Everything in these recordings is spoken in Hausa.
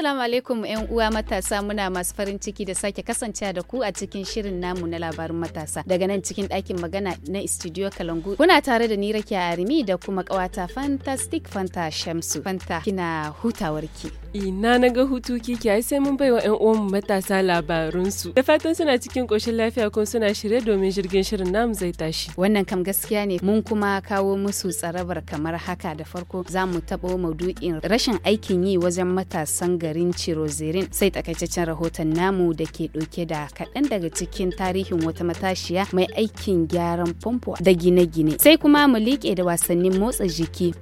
Assalamu alaikum 'yan uwa matasa muna masu farin ciki da sake kasance da ku a cikin shirin namu na labarin matasa daga nan cikin ɗakin magana na studio Kalangu. Kuna tare da ni Rakiya Arimi da kuma ƙawata Fantastic Fanta Shamsu. Fanta kina hutawarki. Ina na ga hutu kiki ai sai mun baiwa 'yan uwanmu matasa labarunsu. Da fatan suna cikin ƙoshin lafiya kuma suna shirye domin jirgin shirin namu zai tashi. Wannan kam gaskiya ne mun kuma kawo musu tsarabar kamar haka da farko za mu taɓo maudu'in rashin aikin yi wajen matasan garin Cirozerin sai takaitaccen rahoton namu da ke ɗauke da kaɗan daga cikin tarihin wata matashiya mai aikin gyaran famfo da gine-gine. Sai kuma mu liƙe da wasannin motsa jiki.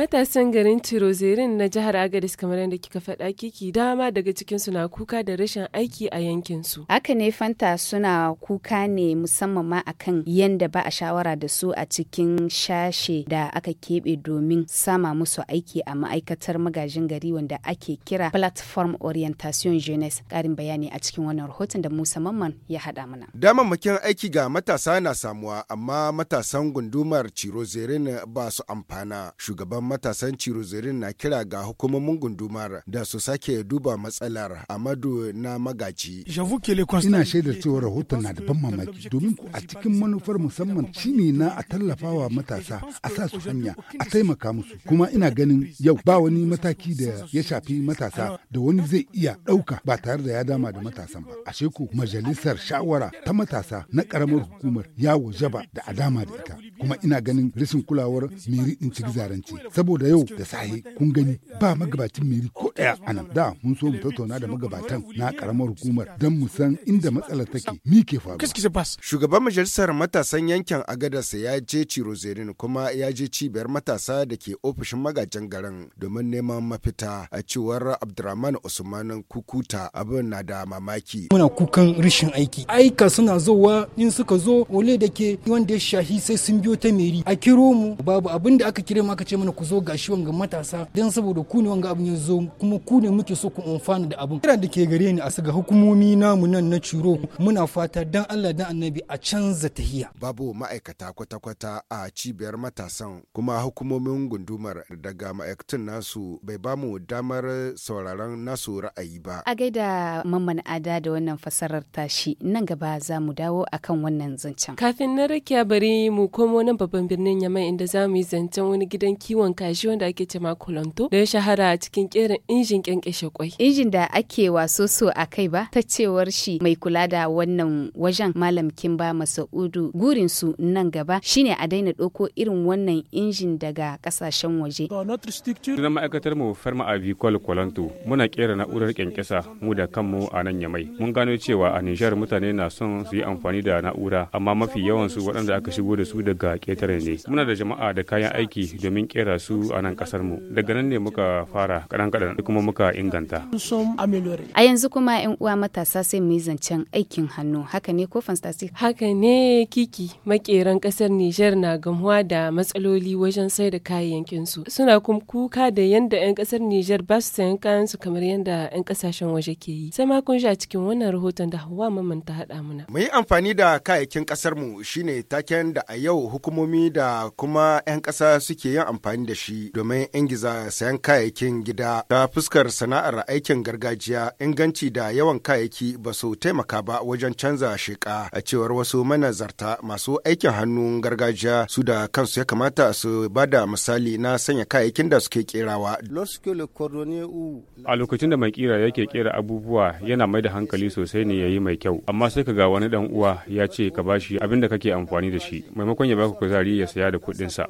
Matasan garin Tirozerin na jihar agaris kamar yadda kika faɗa kiki dama daga cikinsu na kuka da rashin aiki a yankinsu. Haka ne Fanta suna kuka ne musamman ma akan yadda ba a shawara da su a cikin shashe da aka keɓe domin sama musu aiki a ma'aikatar magajin gari wanda ake kira Platform Orientation jeunes Ƙarin bayani a cikin wannan rahoton da Musa Mamman ya haɗa mana. Damammakin aiki ga matasa na samuwa amma matasan gundumar Tirozerin ba su amfana. Shugaban matasan cirozirin na kira ga hukumomin gundumar da su sake duba matsalar amadu na magaji. Ina shaidar cewa rahoton na da ban mamaki domin ku a cikin manufar musamman shine na a tallafawa matasa a sa su hanya a taimaka musu kuma ina ganin yau ba wani mataki da ya shafi matasa da wani zai iya ɗauka ba tare da ya dama da matasan ba. asheku sheku majalisar shawara ta matasa na ƙaramar hukumar ya wajaba da adama da ita. kuma ina ganin rashin kulawar miri din ci. zarance saboda yau da sahi kun gani ba magabacin miri ko daya anan da mun so mu tattauna da magabatan na karamar hukumar don mu san inda matsalar take ni ke faru shugaban majalisar matasan yankin agadarsa ya je cirozerin kuma ya je cibiyar matasa da ke ofishin magajin garin domin neman mafita a cewar abdurrahman usman kukuta abin na da mamaki muna kukan rashin aiki aika suna zowa in suka zo ole da ke wanda ya shahi sai sun biyo radio ta meri a kiro mu babu abin da aka kire mu aka ce mana ku zo ga shi wanga matasa dan saboda ku ne wanga abin ya zo kuma ku ne muke so ku amfana da abin kira da ke gare ni a saga hukumomi namu nan na ciro muna fata dan Allah dan annabi a canza tahiya babu ma'aikata kwata-kwata a cibiyar matasan kuma hukumomin gundumar daga ma'aikatan nasu bai bamu damar sauraron nasu ra'ayi ba a gaida mamman ada da wannan fasarar tashi nan gaba za mu dawo akan wannan zancen kafin na rakiya bari mu komo wani babban birnin Yamai inda za mu yi zancen wani gidan kiwon kaji wanda ake cema Kolonto da ya shahara a cikin kera injin kyankyashe kwai. Injin da ake waso so a kai ba ta cewar shi mai kula da wannan wajen Malam Kimba Masa'udu gurin su nan gaba shine a daina doko irin wannan injin daga kasashen waje. Na ma'aikatar mu Farma Avicol Kolonto muna kera na'urar kyankyasa mu da kanmu a nan Yamai. Mun gano cewa a Nijar mutane na son su yi amfani da na'ura amma mafi yawansu waɗanda aka shigo da su daga ne muna da jama'a da kayan aiki domin kera su a nan kasar mu daga nan ne muka fara kaɗan kaɗan kuma muka inganta a yanzu kuma yan uwa matasa sai mu yi zancen aikin hannu haka ne ko fantasi haka ne kiki makeran ƙasar Nijar na gamuwa da matsaloli wajen sai da kayayyakin su suna kuma kuka da yanda yan kasar Nijar ba su sayan kayan su kamar yanda yan kasashen waje ke yi sai ma kun sha cikin wannan rahoton da Hauwa mamanta ta haɗa muna mu yi amfani da kayayyakin kasar mu shine taken da a yau hukumomi da kuma 'yan ƙasa suke yin amfani da shi domin ingiza sayan kayayyakin gida ta fuskar sana'ar aikin gargajiya inganci da yawan kayayyaki ba su taimaka ba wajen canza sheƙa a cewar wasu manazarta masu aikin hannun gargajiya su da kansu ya kamata su ba da misali na sanya kayayyakin da suke kerawa. A lokacin da mai kira yake kera abubuwa yana mai da hankali sosai ne ya yi mai kyau amma sai ka ga wani dan uwa ya ce ka bashi abin da kake amfani da shi maimakon ya baka ku kuzari ya saya da kuɗinsa.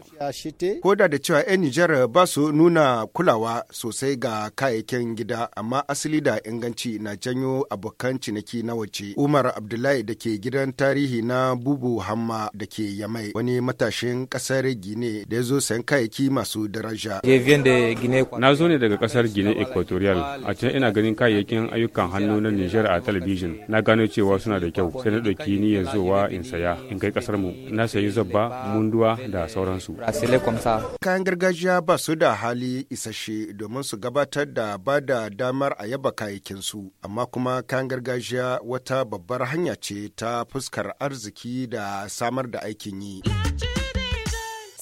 Ko da da cewa 'yan Nijar ba su nuna kulawa sosai ga kayayyakin gida amma asali da inganci na janyo abokan ciniki na wace Umar Abdullahi da ke gidan tarihi na Bubu Hamma da ke Yamai wani matashin ƙasar Gine da ya zo sayan kayayyaki masu daraja. Na zo ne daga ƙasar Gine Equatorial a can ina ganin kayayyakin ayyukan hannu na Nijar a talabijin na gano cewa suna da kyau sai na ɗauki niyyar wa in saya in kai kasar mu na sayi zabba Munduwa da sauransu. Kayan gargajiya ba su da hali isasshe domin su gabatar da ba da damar a yaba kayakinsu amma kuma kayan gargajiya wata babbar hanya ce ta fuskar arziki da samar da aikin yi.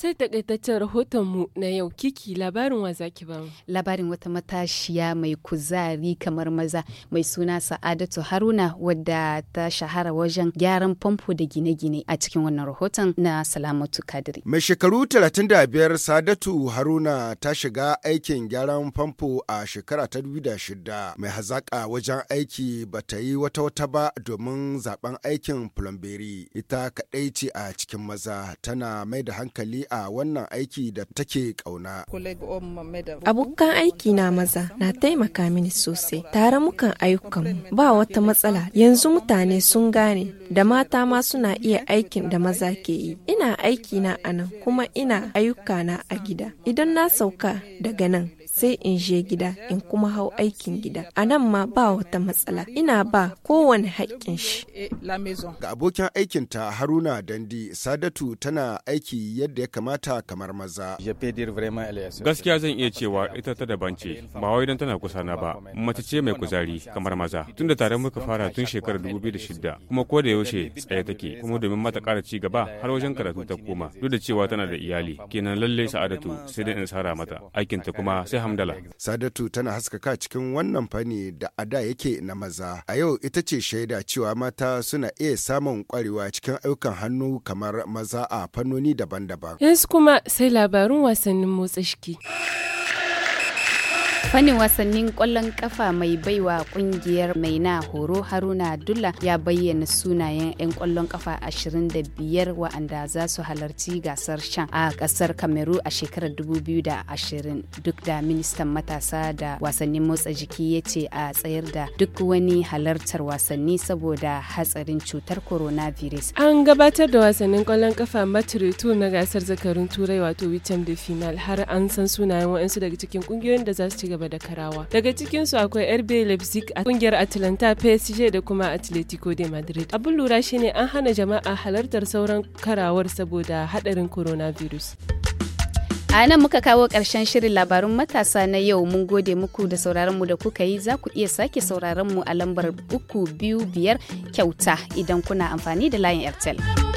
Sai takaitaccen rahotonmu na yau kiki labarin wa zaki ba Labarin wata matashiya mai kuzari kamar maza mai suna Sa'adatu Haruna wadda ta shahara wajen gyaran famfo da gine-gine a cikin wannan rahoton na Salamatu Kadiri. Mai shekaru 35 sadatu Haruna ta shiga aikin gyaran famfo a shekara ta 2006 mai hazaka wajen aiki ba ta yi wata wata ba domin zaben aikin plumberi ita kaɗai ce a cikin maza tana mai da hankali a wannan aiki da take kauna. Abokan aiki na maza na taimaka mini sosai, tare mukan ayyukanmu ba wata matsala yanzu mutane sun gane da mata ma suna iya aikin da maza ke yi. Ina aiki na a kuma ina ayyuka na a gida. Idan na sauka daga nan sai in je gida in kuma hau aikin gida a nan ma ba wata matsala ina ba kowane haƙƙin shi ga abokin aikinta haruna dandi sadatu tana aiki yadda ya kamata kamar maza gaskiya zan iya cewa ita ta daban ce ba wai tana kusa na ba mace ce mai kuzari kamar maza tunda tare muka fara tun shekarar 2006 kuma ko da yaushe tsaye take kuma domin mata ƙara ci gaba har wajen karatu ta koma duk da cewa tana da iyali kenan lallai sa'adatu sai dai in sara mata aikinta kuma sai sadatu tana haskaka cikin wannan fanni da ada yake na maza a yau ita ce shaida cewa mata suna iya samun kwarewa cikin ayyukan hannu kamar maza a fannoni daban-daban yanzu kuma sai labarun wasannin motsa shiki fannin wasannin kwallon kafa mai baiwa kungiyar mai na horo haruna dulla ya bayyana sunayen 'yan kwallon kafa 25 wa'anda za su halarci gasar shan a kasar kameru a shekarar 2020 duk da ministan matasa da wasannin motsa jiki ya ce a tsayar da duk wani halartar wasanni saboda hatsarin cutar coronavirus an gabatar da wasannin kwallon kafa matiritu na gasar zakarun turai wato wicem da final har an san sunayen waɗansu daga cikin kungiyoyin da za su ci gaba gaba da karawa. Daga cikinsu akwai RB Leipzig a kungiyar Atalanta PSG da kuma Atletico de Madrid. abun lura shine an hana jama'a halartar sauran karawar saboda hadarin coronavirus. A nan muka kawo ƙarshen shirin labarun matasa na yau mun gode muku da sauraronmu da kuka yi za ku iya sake sauraronmu a lambar uku biyu biyar kyauta idan kuna amfani da layin Airtel.